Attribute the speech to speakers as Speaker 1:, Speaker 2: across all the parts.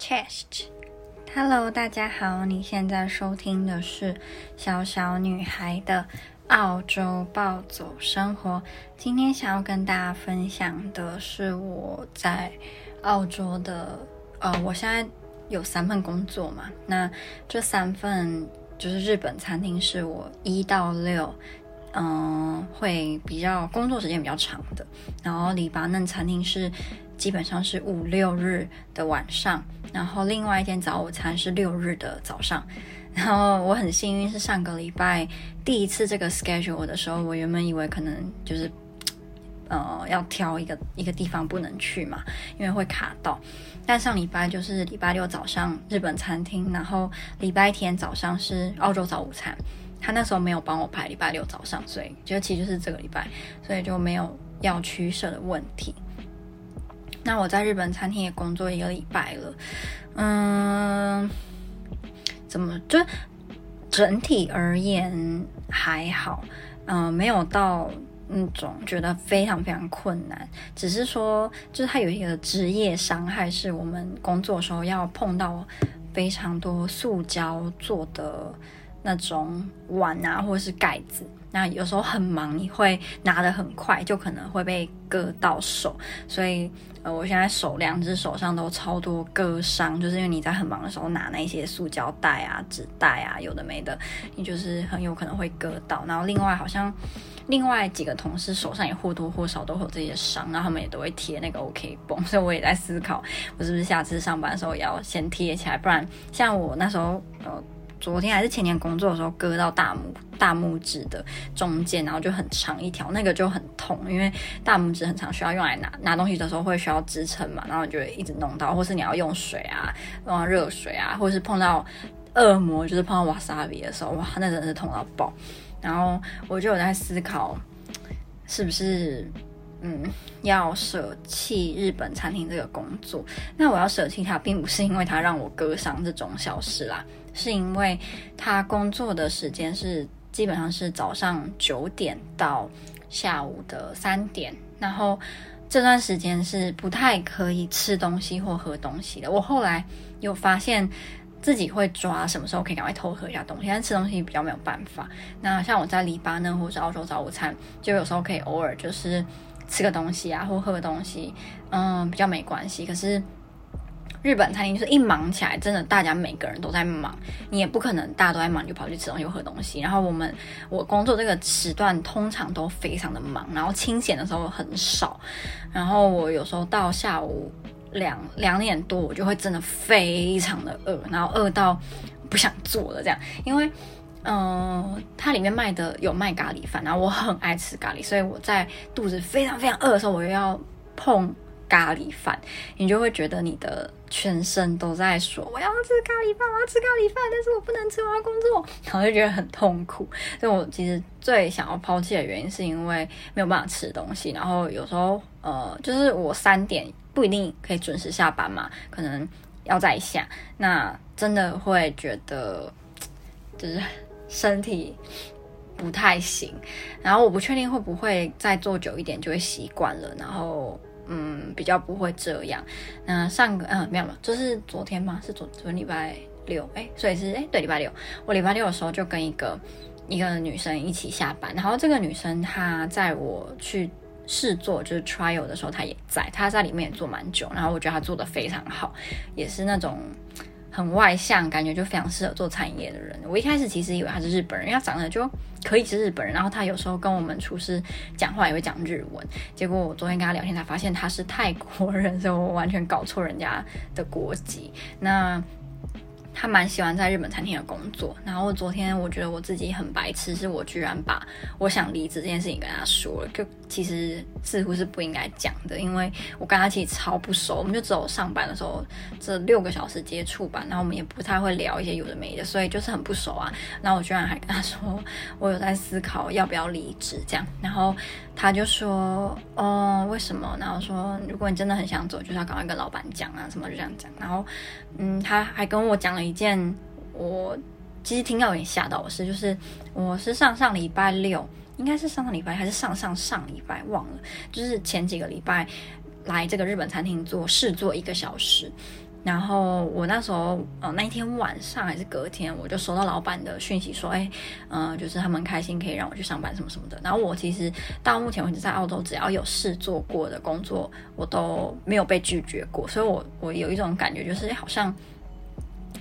Speaker 1: Chest，Hello，大家好，你現在收聽的是小小女孩的澳洲暴走生活。今天想要跟大家分享的是我在澳洲的，呃，我現在有三份工作嘛，那這三份就是日本餐廳是我一到六，嗯、呃，會比較工作時間比較長的，然後黎巴嫩餐廳是，基本上是五六日的晚上，然後另外一天早午餐是六日的早上，然後我很幸運是上個禮拜第一次這個 schedule 的時候，我原本以為可能就是，呃，要挑一個一個地方不能去嘛，因為會卡到，但上禮拜就是禮拜六早上日本餐廳，然後禮拜天早上是澳洲早午餐，他那時候沒有幫我排禮拜六早上，所以就其實是這個禮拜，所以就沒有要取捨的問題。那我在日本餐廳也工作一個禮拜了，嗯，怎麼就整體而言還好，嗯，沒有到那種覺得非常非常困難，只是說就是它有一個職業傷害，是我們工作時候要碰到非常多塑膠做的那種碗啊，或者是蓋子。那有時候很忙，你會拿得很快，就可能會被割到手。所以，呃，我現在手兩隻手上都超多割傷，就是因為你在很忙的時候拿那些塑膠袋啊、紙袋啊，有的沒的，你就是很有可能會割到。然後，另外好像另外幾個同事手上也或多或少都有這些傷，然後他們也都會貼那個 OK 繃。所以我也在思考，我是不是下次上班的時候也要先貼起來，不然像我那時候，呃。昨天還是前天工作的時候，割到大拇大拇指的中間，然後就很長一條，那個就很痛，因為大拇指很長，需要用來拿拿東西的時候會需要支撐嘛，然後就會一直弄到，或是你要用水啊，用到熱水啊，或是碰到惡魔，就是碰到瓦薩比的時候，哇，那真的是痛到爆。然後我就有在思考，是不是嗯要捨棄日本餐廳這個工作？那我要捨棄它，並不是因為它讓我割傷這種小事啦。是因為他工作的時間是基本上是早上九點到下午的三點，然後這段時間是不太可以吃東西或喝東西的。我後來又發現自己會抓什麼時候可以趕快偷喝一下東西，但吃東西比較沒有辦法。那像我在黎巴嫩或是澳洲早午餐，就有時候可以偶爾就是吃個東西啊或喝個東西，嗯，比較沒關係。可是。日本餐廳就是一忙起來，真的大家每個人都在忙，你也不可能大家都在忙你就跑去吃東西喝東西。然後我們我工作這個時段通常都非常的忙，然後清閒的時候很少。然後我有時候到下午兩兩點多，我就會真的非常的餓，然後餓到不想做了這樣。因為嗯、呃，它裡面賣的有賣咖喱飯，然後我很愛吃咖喱，所以我在肚子非常非常餓的時候，我又要碰。咖喱飯，你就會覺得你的全身都在說我要吃咖喱飯，我要吃咖喱飯，但是我不能吃，我要工作，然後就覺得很痛苦。所以我其實最想要拋棄的原因，是因為沒有辦法吃東西。然後有時候呃，就是我三點不一定可以準時下班嘛，可能要再下，那真的會覺得就是身體不太行。然後我不確定會不會再做久一點就會習慣了，然後。嗯，比較不會這樣。那上個嗯、啊、沒有了，就是昨天嘛，是昨昨天禮拜六哎、欸，所以是哎、欸、對，禮拜六我禮拜六的時候就跟一個一個女生一起下班，然後這個女生她在我去試做，就是 trial 的時候她也在，她在裡面也做蠻久，然後我覺得她做的非常好，也是那種。很外向，感覺就非常適合做餐飲業的人。我一開始其實以為他是日本人，因為他長得就可以是日本人。然後他有時候跟我們廚師講話也會講日文，結果我昨天跟他聊天才發現他是泰國人，所以我完全搞錯人家的國籍。那。他蠻喜歡在日本餐廳的工作，然後昨天我覺得我自己很白痴，是我居然把我想離職這件事情跟他說了，就其實似乎是不應該講的，因為我跟他其實超不熟，我們就只有上班的時候這六個小時接觸吧，然後我們也不太會聊一些有的沒的，所以就是很不熟啊。然後我居然還跟他說我有在思考要不要離職這樣，然後他就說哦、呃、為什麼？然後說如果你真的很想走，就是要趕快跟老闆講啊什麼就這樣講，然後嗯他還跟我講了一。一件我其實聽到有點嚇到的事，就是我是上上禮拜六，應該是上上禮拜還是上上上禮拜忘了，就是前幾個禮拜來這個日本餐廳做試做一個小時，然後我那時候呃那一天晚上還是隔天，我就收到老闆的訊息說，誒，嗯、呃，就是他們開心可以讓我去上班什麼什麼的。然後我其實到目前為止在澳洲，只要有試做過的工作，我都沒有被拒絕過，所以我我有一種感覺，就是好像。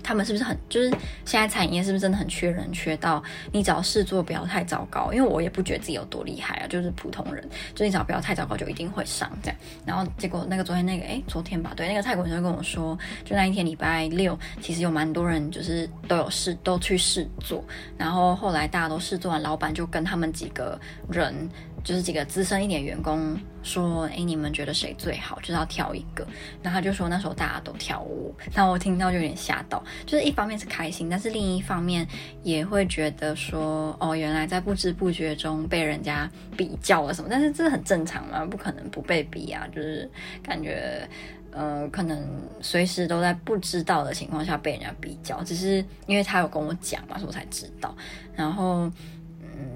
Speaker 1: 他們是不是很就是現在餐飲業是不是真的很缺人，缺到你只要試做不要太糟糕？因為我也不覺得自己有多厲害啊，就是普通人，就你只要不要太糟糕，就一定會上這樣。然後結果那個昨天那個哎、欸、昨天吧，對，那個泰國人就跟我說，就那一天禮拜六，其實有蠻多人就是都有試都去試做，然後後來大家都試做完，老闆就跟他們幾個人。就是幾個資深一點員工說，哎，你們覺得誰最好，就是要挑一個。然後他就說那時候大家都挑我，那我聽到就有點嚇到。就是一方面是開心，但是另一方面也會覺得說，哦，原來在不知不覺中被人家比較了什麼。但是這很正常嘛，不可能不被比啊。就是感覺，呃，可能隨時都在不知道的情況下被人家比較，只是因為他有跟我講嘛，所以我才知道。然後。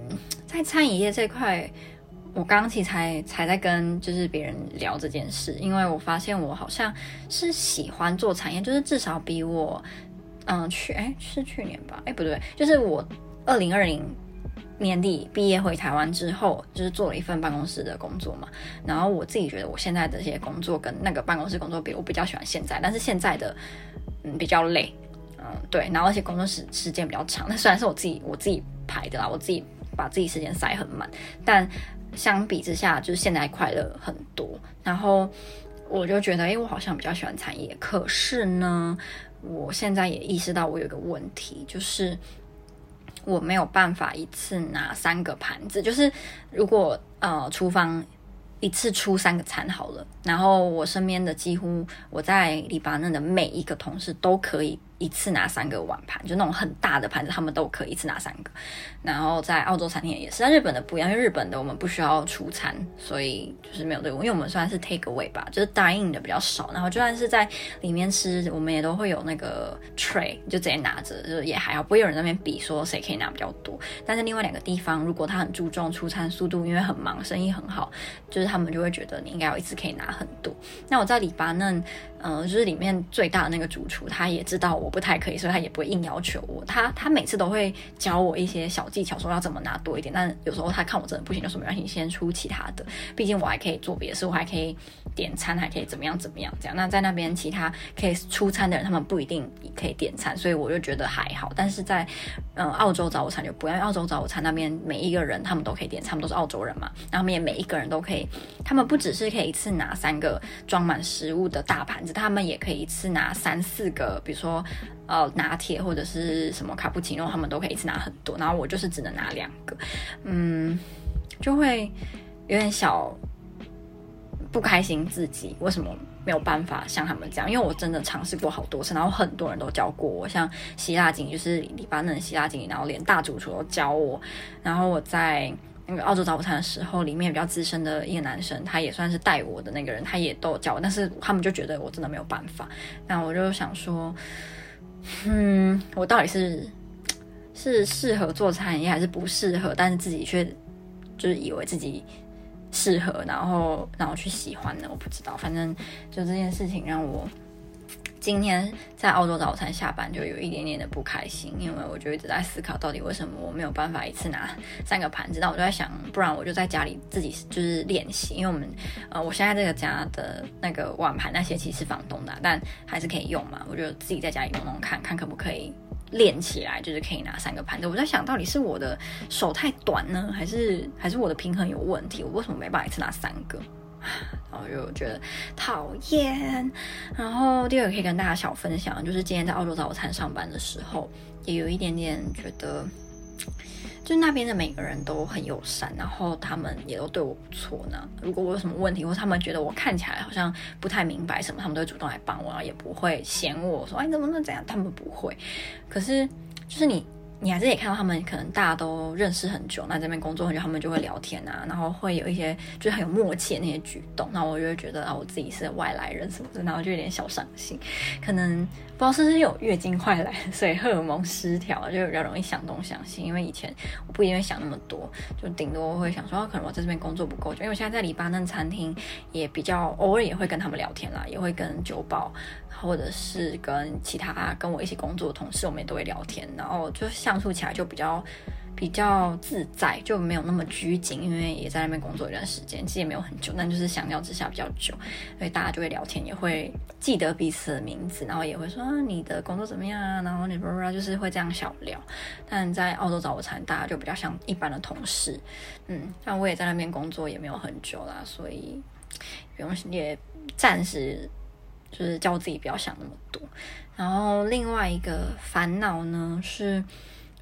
Speaker 1: 嗯，在餐飲業這塊，我剛其實才才，才在跟就是別人聊這件事，因為我發現我好像是喜歡做產業，就是至少比我，嗯，去哎是去年吧，哎不對，就是我二零二零年底畢業回台灣之後，就是做了一份辦公室的工作嘛，然後我自己覺得我現在這些工作跟那個辦公室工作比，我比較喜歡現在，但是現在的嗯比較累。嗯，對，然後而且工作時時間比較長，那雖然是我自己我自己排的啦，我自己把自己時間塞很滿，但相比之下就是現在快樂很多。然後我就覺得，哎，我好像比較喜歡餐飲，可是呢，我現在也意識到我有個問題，就是我沒有辦法一次拿三個盤子。就是如果呃廚房一次出三個餐好了，然後我身邊的幾乎我在黎巴嫩的每一個同事都可以。一次拿三個碗盤，就那種很大的盤子，他們都可以一次拿三個。然後在澳洲餐廳也是，在日本的不一樣，因為日本的我們不需要出餐，所以就是沒有這個，因為我們算是 take away 吧，就是 dining 的比較少。然後就算是在裡面吃，我們也都會有那個 tray，就直接拿着，就是也還好，不會有人那邊比說誰可以拿比較多。但是另外兩個地方，如果他很注重出餐速度，因為很忙，生意很好，就是他們就會覺得你應該有一次可以拿很多。那我在黎巴嫩，呃，就是裡面最大的那個主廚，他也知道我。我不太可以，所以他也不會硬要求我。他他每次都會教我一些小技巧，說要怎麼拿多一點。但有時候他看我真的不行，就說沒關係，你先出其他的。畢竟我還可以做別的事，我還可以。點餐還可以怎麼樣怎麼樣這樣？那在那邊其他可以出餐的人，他們不一定也可以點餐，所以我就覺得還好。但是在嗯、呃、澳洲早午餐就不要，澳洲早午餐那邊每一個人他們都可以點餐，他們都是澳洲人嘛，然後也每一個人都可以，他們不只是可以一次拿三個裝滿食物的大盤子，他們也可以一次拿三四個，比如說呃拿鐵或者是什麼卡布奇諾，他們都可以一次拿很多。然後我就是只能拿兩個，嗯，就會有點小不開心，自己為什麼沒有辦法像他們這樣？因為我真的嘗試過好多次，然後很多人都教過我，像希臘經理就是黎巴嫩的希臘經理，然後連大主廚都教我。然後我在那個澳洲早午餐的時候，裡面比較資深的一個男生，他也算是帶我的那個人，他也都教我。但是他們就覺得我真的沒有辦法。那我就想說，嗯，我到底是是適合做餐飲業，還是不適合？但是自己卻就是以為自己。適合，然後然後去喜歡的，我不知道。反正就這件事情讓我今天在澳洲早餐下班就有一點點的不開心，因為我就一直在思考到底為什麼我沒有辦法一次拿三個盤子。那我就在想，不然我就在家裡自己就是練習，因為我們呃我現在這個家的那個碗盤那些其實是房東的啊，但還是可以用嘛。我就自己在家裡弄弄看看可不可以。練起來就是可以拿三個盤子，我在想到底是我的手太短呢，還是還是我的平衡有問題？我為什麼沒辦法一次拿三個？然後又覺得討厭。然後第二個可以跟大家小分享，就是今天在澳洲早餐上班的時候，也有一點點覺得。那邊的每個人都很友善，然後他們也都對我不錯呢。如果我有什麼問題，或者他們覺得我看起來好像不太明白什麼，他們都會主動來幫我，然後也不會嫌我說，哎你怎麼能怎樣，他們不會。可是就是你。你還是也看到他們，可能大家都認識很久，那這邊工作很久，他們就會聊天啊，然後會有一些就是很有默契的那些舉動。那我就會覺得啊，我自己是外來人什麼的，然後就有點小傷心。可能不知道是不是有月經快來，所以荷爾蒙失調就比較容易想東想西。因為以前我不一定會想那麼多，就頂多會想說，啊，可能我在這邊工作不夠久，就因為我現在在黎巴嫩餐廳，也比較偶爾也會跟他們聊天啦，也會跟酒保或者是跟其他跟我一起工作的同事，我們也都會聊天。然後就像。相處起來就比較比較自在，就沒有那麼拘謹，因為也在那邊工作一段時間，其實也沒有很久，但就是相較之下比較久，所以大家就會聊天，也會記得彼此的名字，然後也會說，啊，你的工作怎麼樣啊，然後你 blah blah blah, 就是會這樣小聊。但在澳洲早餐，大家就比較像一般的同事，嗯，但我也在那邊工作也沒有很久啦，所以不用也暫時就是叫自己不要想那麼多。然後另外一個煩惱呢是。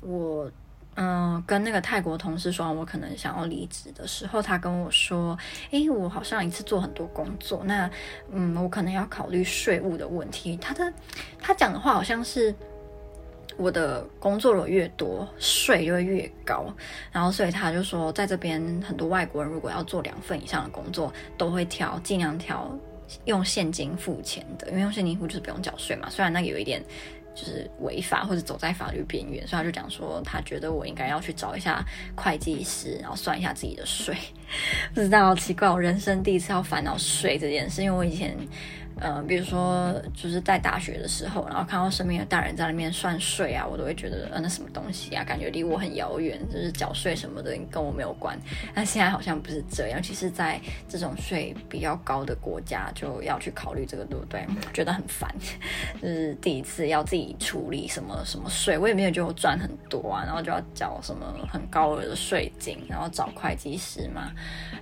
Speaker 1: 我嗯，跟那個泰國同事說，我可能想要離職的時候，他跟我說：“誒、欸，我好像一次做很多工作，那嗯，我可能要考慮稅務的問題。他”他的他講的話好像是我的工作如果越多，稅就會越高。然後所以他就說，在這邊很多外國人如果要做兩份以上的工作，都會挑盡量挑用現金付錢的，因為用現金付就是不用繳稅嘛。雖然那個有一點。就是違法或者走在法律邊緣，所以他就講說，他覺得我應該要去找一下會計師，然後算一下自己的稅。不知道，奇怪，我人生第一次要煩惱稅這件事，因為我以前。呃，比如說就是在大學的時候，然後看到身邊有大人在那邊算稅啊，我都會覺得，呃，那什麼東西啊，感覺離我很遙遠，就是繳稅什麼的，跟我沒有關。那現在好像不是這樣，其實在這種稅比較高的國家，就要去考慮這個，對不對？覺得很煩，就是第一次要自己處理什麼什麼稅，我也沒有就賺很多啊，然後就要繳什麼很高額的稅金，然後找會計師嘛，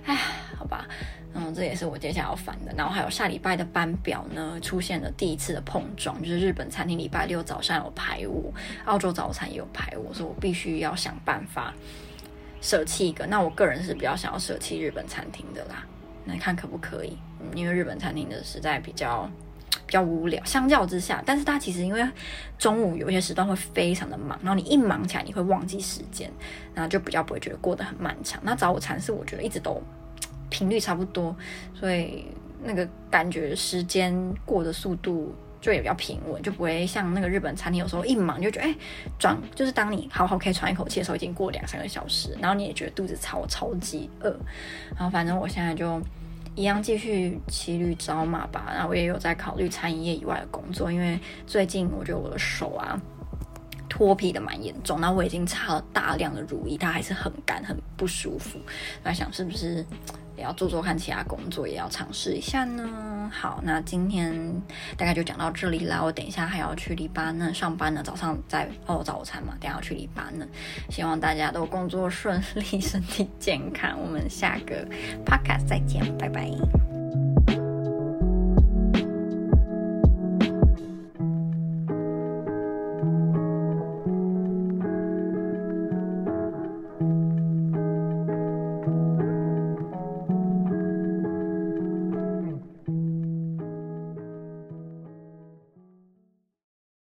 Speaker 1: 哎。好吧，嗯，這也是我接下來要煩的。然後還有下禮拜的班表呢，出現了第一次的碰撞，就是日本餐廳禮拜六早上有排污，澳洲早餐也有排污。所以我必須要想辦法捨棄一個。那我個人是比較想要捨棄日本餐廳的啦，那看可不可以？嗯，因為日本餐廳的實在比較比較無聊，相較之下，但是它其實因為中午有些時段會非常的忙，然後你一忙起來，你會忘記時間，然後就比較不會覺得過得很漫長。那早午餐是我覺得一直都。頻率差不多，所以那個感覺時間過的速度就也比較平穩，就不會像那個日本餐廳有時候一忙就覺得哎，轉就是當你好好可以喘一口氣的時候，已經過兩三個小時，然後你也覺得肚子超超級餓。然後反正我現在就一樣繼續騎驢找馬吧。然後我也有在考慮餐飲業以外的工作，因為最近我覺得我的手啊脫皮的蠻嚴重，那我已經擦了大量的乳液，它還是很乾很不舒服，我在想是不是。也要做做看其他工作，也要嘗試一下呢。好，那今天大概就講到這裡啦。我等一下還要去黎巴嫩上班呢，早上在熬、哦、早餐嘛。等下要去黎巴嫩，希望大家都工作順利，身體健康。我們下個 Podcast 再見，拜拜。